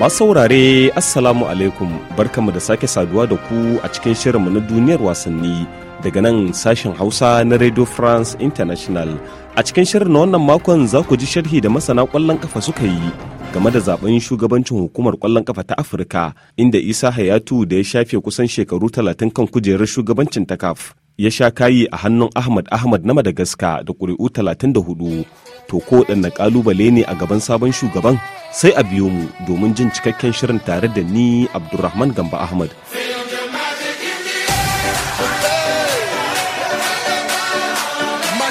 Masu saurare Assalamu alaikum barkamu da sake saduwa da ku a cikin shirinmu na duniyar wasanni daga nan sashen Hausa na Radio France International. A cikin shirin na wannan makon za ku ji sharhi da masana kwallon kafa suka yi game da zaben shugabancin hukumar kwallon kafa ta Afirka inda Isa Hayatu da ya shafe kusan shekaru talatin kan kujerar shugabancin ta kaf ya sha kayi a hannun Ahmad Ahmad na Madagascar da ƙuri'u talatin da hudu. to ko waɗanne ƙalubale ne a gaban sabon shugaban sai a biyo mu domin jin cikakken shirin tare da ni abdulrahman gamba ahmad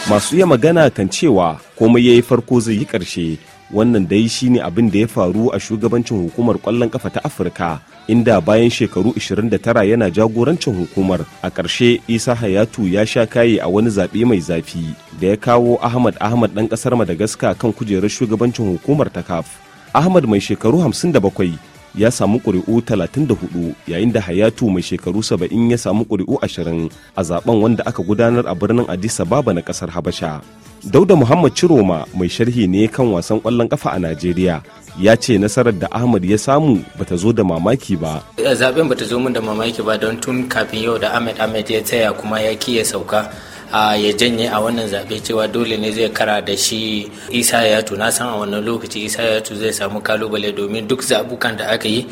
masu iya magana kan cewa komai ya yi farko zai yi ƙarshe wannan dai shine abin da ya faru a shugabancin hukumar kwallon kafa ta afirka inda bayan shekaru 29 yana jagorancin hukumar a ƙarshe isa hayatu ya sha kaye a wani zaɓe mai zafi da ya kawo ahmad ahmad ɗan ƙasar madagaska kan kujerar shugabancin hukumar ta kaf ahmad mai shekaru 57 ya samu ƙuri'u 34 yayin da hayatu mai shekaru 70 ya samu ƙuri'u 20 a zaben wanda aka gudanar a birnin addis ababa na ƙasar habasha Dauda Muhammad Ciroma mai sharhi ne kan wasan ƙwallon ƙafa a Najeriya ya ce nasarar da Ahmad ya samu bata zo da mamaki ba. Zaben bata zo min da mamaki ba don tun kafin yau da ahmad-ahmad ya tsaya kuma ya ki ya sauka. ya janye a wannan zaɓe cewa dole ne zai kara da shi isa yatu na san a wannan lokaci isa zai samu kalubale domin duk zaɓukan da aka yi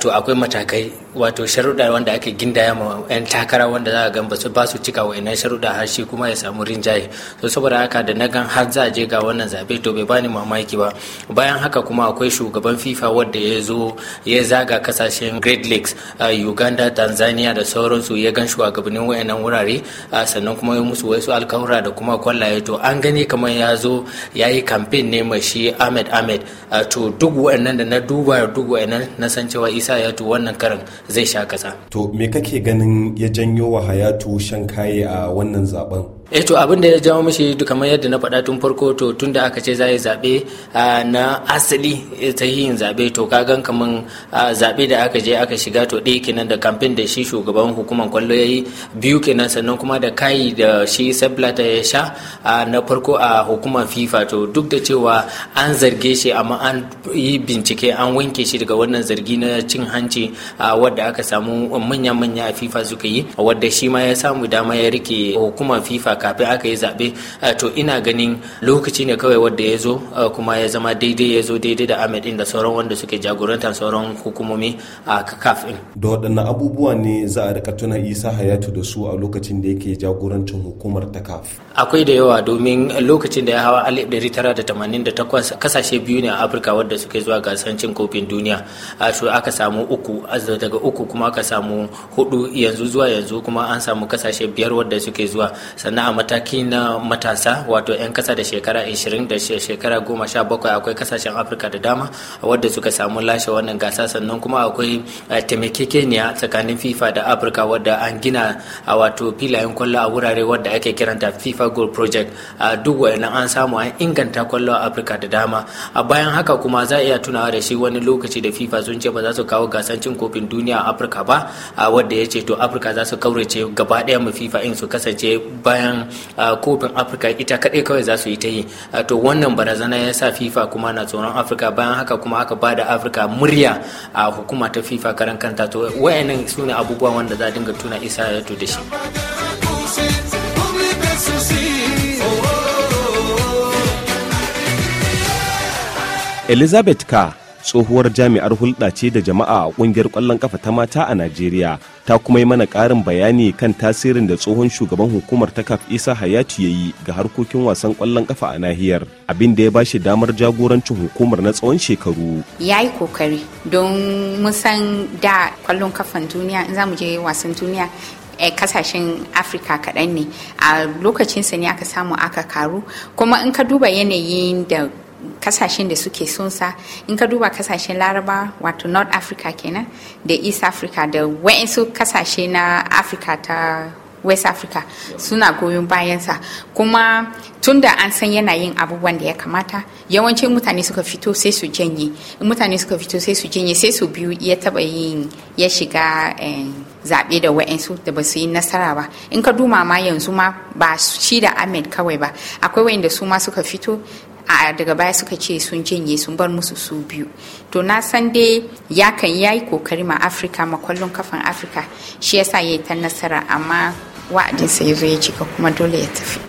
to akwai matakai wato sharuɗa wanda ake gindaya ma 'yan takara wanda za a gan ba su ba su cika wa ina sharuɗa har shi kuma ya samu rinjaye to saboda haka da na gan har za a je ga wannan zaɓe to bai bani mamaki ba bayan haka kuma akwai shugaban fifa wanda ya zo ya zaga kasashen great lakes uganda tanzania da sauransu ya gan shugabannin wayannan wurare sannan kuma ya musu wasu alkawura da kuma kwallaye to an gani kamar ya zo ya yi kamfen ne mai shi ahmed ahmed to duk wa'annan da na duba duk wa'annan na san cewa isa ya to wannan karin zai sha kasa to me kake ganin ya janyo wa hayatu shan kaye a wannan zaben eh to abin da ya jawo mishi kamar yadda na faɗa tun farko to tun da aka ce za yi zaɓe na asali eh, ta yin zaɓe to ka gan kamar zaɓe da aka je aka shiga to ɗaya kenan da kamfen da shi shugaban hukumar kwallo ya yi biyu kenan sannan kuma da kayi da shi sablata ya sha na farko a hukumar fifa to duk da cewa an zarge shi amma an yi bincike an wanke shi daga wannan zargi na cin hanci wadda aka samu manya-manya a fifa suka yi wadda shi ma ya samu dama ya rike hukumar fifa kafin aka yi zaɓe to ina ganin lokaci ne kawai wanda ya zo kuma ya zama daidai ya zo daidai da ahmed din da sauran wanda suke jagorantar sauran hukumomi a kafin da waɗannan abubuwa ne za a rika tuna isa hayatu da su a lokacin da yake jagorancin hukumar ta kaf akwai da yawa domin lokacin da ya hawa alif ɗari tara da tamanin da takwas kasashe biyu ne a afirka wadda suke zuwa gasar cin kofin duniya a su aka samu uku daga uku kuma aka samu hudu yanzu zuwa yanzu kuma an samu kasashe biyar wadda suke zuwa sannan a mataki na matasa wato 'yan kasa da shekara 20 da shekara 17 akwai kasashen afirka da dama wadda suka samu lashe wannan gasa sannan kuma akwai eh, taimakekeniya tsakanin fifa da afirka wadda an gina a wato filayen kwallo a wurare wadda ake kiranta fifa goal project a duk wayannan an samu an inganta kwallo a afirka da dama a bayan haka kuma za a iya tunawa da shi wani lokaci da fifa sun ce ba za su kawo gasar cin kofin duniya a afirka ba a wadda ya ce to afirka za su kaurace gaba ɗaya mu fifa in su kasance bayan a kofin afirka ita kaɗai kawai za su yi ta yi to wannan barazana ya sa fifa kuma na tsoron afirka bayan haka kuma aka ba da afirka murya a hukuma ta fifa karan kanta to wayannan su ne abubuwa wanda za dinga tuna isa ya to da shi Elizabeth Carr tsohuwar jami'ar hulɗa ce da jama'a a ƙungiyar ƙwallon ƙafa ta mata a Najeriya ta kuma yi mana ƙarin bayani kan tasirin da tsohon shugaban hukumar ta kaf Isa Hayatu ya yi ga harkokin wasan ƙwallon ƙafa a nahiyar abin da ya bashi damar jagorancin hukumar na tsawon shekaru. Ya yi kokari don mun da ƙwallon kafan duniya in za mu je wasan duniya kasashen eh, afirka kaɗan ne a lokacinsa ne aka samu aka karu kuma in ka duba yanayin da kasashen da suke sunsa in ka duba kasashen laraba wato north africa kenan da east africa da wa'insu kasashe na africa ta west africa suna goyon bayansa kuma tun da an san yana yin abubuwan da ya kamata yawancin mutane suka fito sai su janye mutane suka fito sai su janye sai su biyu ya taba yin ya shiga eh, zaɓe da wa'ansu da ba su yi nasara ba in ka duma ma yanzu ma ba shi da ahmed kawai ba akwai wayanda su ma suka fito a daga baya suka ce sun janye sun bar musu su biyu to na san dai ya kan yayi kokari ma afirka ma kafan afirka shi yasa ya yi ta nasara amma sa ya zo ya cika kuma dole ya tafi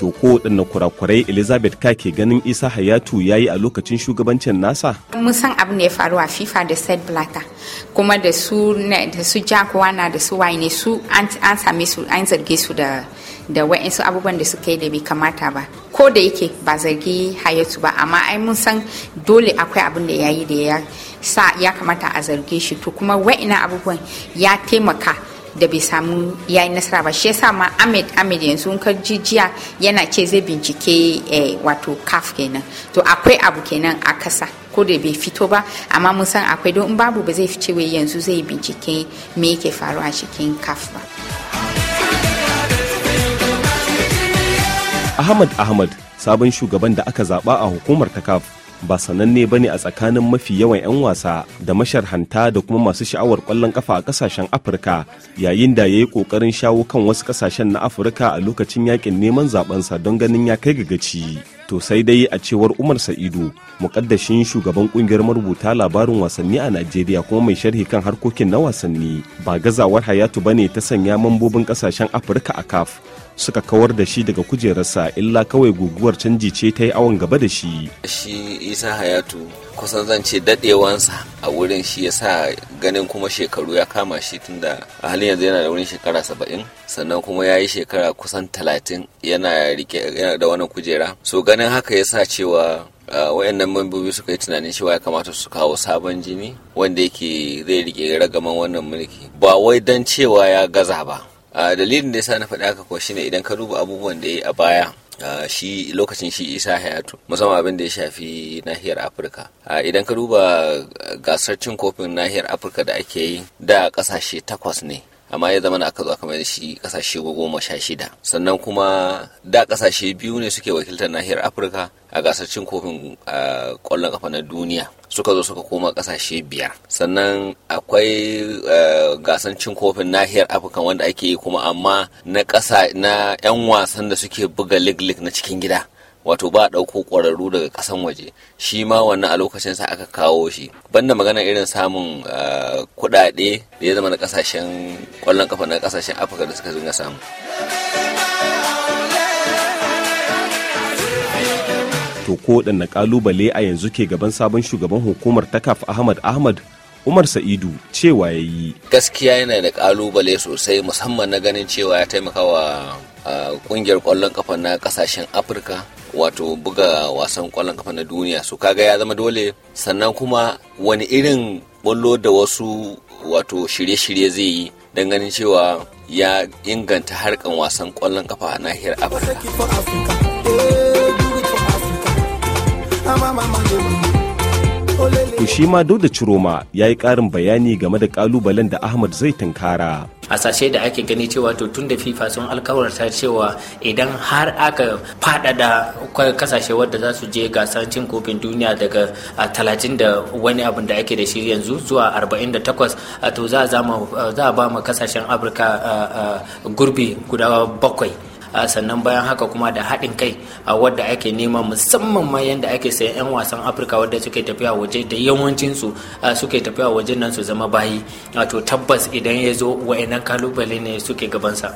To ko waɗanne kurakurai Elizabeth kake ganin Isa Hayatu ya yi a lokacin shugabancin nasa? Mun san abin ne ya faru a FIFA da Said Blatter kuma da su da na da su waye ne su an same su an zarge su da da wa'insu abubuwan da suka yi da bai kamata ba ko da yake ba zargi hayatu ba amma ai mun san dole akwai abin da ya yi da ya sa ya kamata a zarge shi to kuma wa'ina abubuwan ya taimaka da bai samu ya yi nasara ba shi yasa ma ahmed ahmed yanzu in jijiya yana ce zai bincike eh, wato kaf kenan to akwai abu kenan a kasa ko da bai fito ba amma mun san akwai don babu ba zai fice wai yanzu zai bincike me yake faruwa cikin kaf ba. Ahmad Ahmad sabon shugaban da aka zaba a hukumar ta CAF ba sananne ba ne a tsakanin mafi yawan 'yan wasa da masharhanta da kuma masu sha'awar kwallon kafa a kasashen Afirka yayin da ya yi kokarin shawo kan wasu kasashen na Afirka a lokacin yakin neman zabensa don ganin ya kai ga gaci. To sai dai a cewar Umar Sa'idu, mukaddashin shugaban kungiyar marubuta labarin wasanni a Najeriya kuma mai sharhi kan harkokin na wasanni, ba gazawar Hayatu ba ne ta sanya mambobin kasashen Afirka a CAF suka kawar da shi daga kujerarsa illa kawai guguwar canji ce ta yi awon gaba da shi shi isa hayatu kusan zan ce dadewansa a wurin shi ya sa ganin kuma shekaru ya kama shi tunda a halin yanzu yana da wurin shekara saba'in sannan kuma ya yi shekara kusan talatin yana da wani kujera so ganin haka ya sa cewa wayannan mambobi suka yi tunanin cewa ya kamata su kawo sabon jini wanda yake zai rike ragaman wannan mulki ba wai don cewa ya gaza ba dalilin da ya yasa na faɗi haka kuwa shine idan ka duba abubuwan da ya yi a baya shi lokacin shi isa hayatu musamman abin da ya shafi nahiyar afirka idan ka duba gasar cin kofin nahiyar afirka da ake yi da kasashe takwas ne amma ya zama aka zo aka mai da shi kasashe goma sha shida sannan kuma da kasashe biyu ne suke wakiltar nahiyar afirka a gasar cin kofin kwallon kafa na duniya suka zo suka koma kasashe biyar sannan akwai gasar cin kofin nahiyar afirka wanda ake yi kuma amma na ƙasa na yan wasan da suke buga lig lig na cikin gida wato ba a ɗauko ƙwararru daga ƙasan waje shi ma wannan a lokacin sa aka kawo shi banda magana irin samun eh, kuɗaɗe da ya zama na ƙasashen ƙwallon kafa na ƙasashen afirka da suka zunga samu to ko waɗanne ƙalubale a yanzu ke gaban sabon shugaban hukumar takaf ahmad ahmad Umar Sa'idu cewa ya yi. Gaskiya yana da ƙalubale sosai musamman na ganin cewa ya taimaka wa a kungiyar kwallon kafa na kasashen afirka wato buga wasan kwallon kafa na duniya su kaga ya zama dole sannan kuma wani irin bullo da wasu wato shirye-shirye zai yi don ganin cewa ya inganta harkan wasan kwallon kafa a nahiyar afirka To shi ma Dauda Ciroma ya yi ƙarin bayani game da ƙalubalen da Ahmad zai tunkara. hasashe da ake gani cewa to tun da fifa sun alkawarta cewa idan har aka faɗaɗa kasashe wadda za su je gasar cin kofin duniya daga talatin da wani abin da ake da shi yanzu zuwa arba'in da takwas to za a ba ma kasashen afirka gurbi guda bakwai sannan bayan haka kuma da haɗin kai a wadda ake nema musamman ma yadda ake sayan 'yan wasan afirka wadda suke tafiya waje da yawancinsu suke tafiya waje nan su zama bayi wato tabbas idan ya zo wa'inan kalubale ne suke gabansa.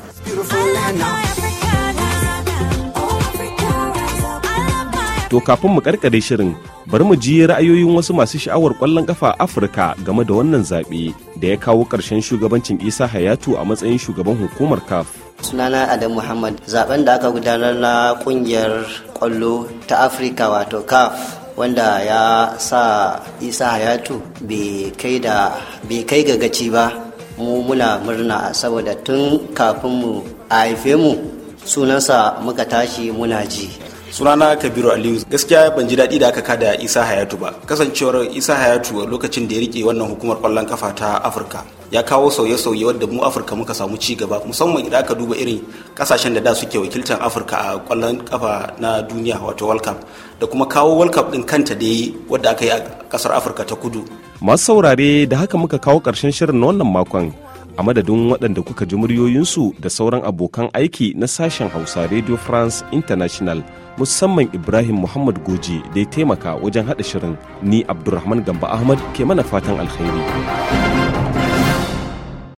To kafin mu karkare shirin bari mu ji ra'ayoyin wasu masu sha'awar kwallon kafa Afirka game da wannan zaɓe. da ya kawo ƙarshen shugabancin isa hayatu a matsayin shugaban hukumar caf sunana adam muhammad zaben da aka gudanar na kungiyar kwallo ta afirka wato caf wanda ya sa isa hayatu bai kai ga gaci ba mu muna murna saboda tun kafin mu a haife mu sunansa muka tashi muna ji sunana kabiru aliyu gaskiya ban ji daɗi da aka kada isa hayatu ba kasancewar isa hayatu lokacin da ya rike wannan hukumar kwallon kafa ta afirka ya kawo sauye-sauye wadda mu afirka muka samu ci gaba musamman idan aka duba irin kasashen da da suke wakiltar afirka a kwallon kafa na duniya wato world da kuma kawo world cup din kanta da yi wadda aka yi a kasar afirka ta kudu masu saurare da haka muka kawo karshen shirin na wannan makon a madadin waɗanda kuka ji muryoyinsu da sauran abokan aiki na sashen hausa radio france international musamman ibrahim muhammad goji da ya taimaka wajen haɗa shirin ni abdulrahman gamba ahmad ke mana fatan alkhairi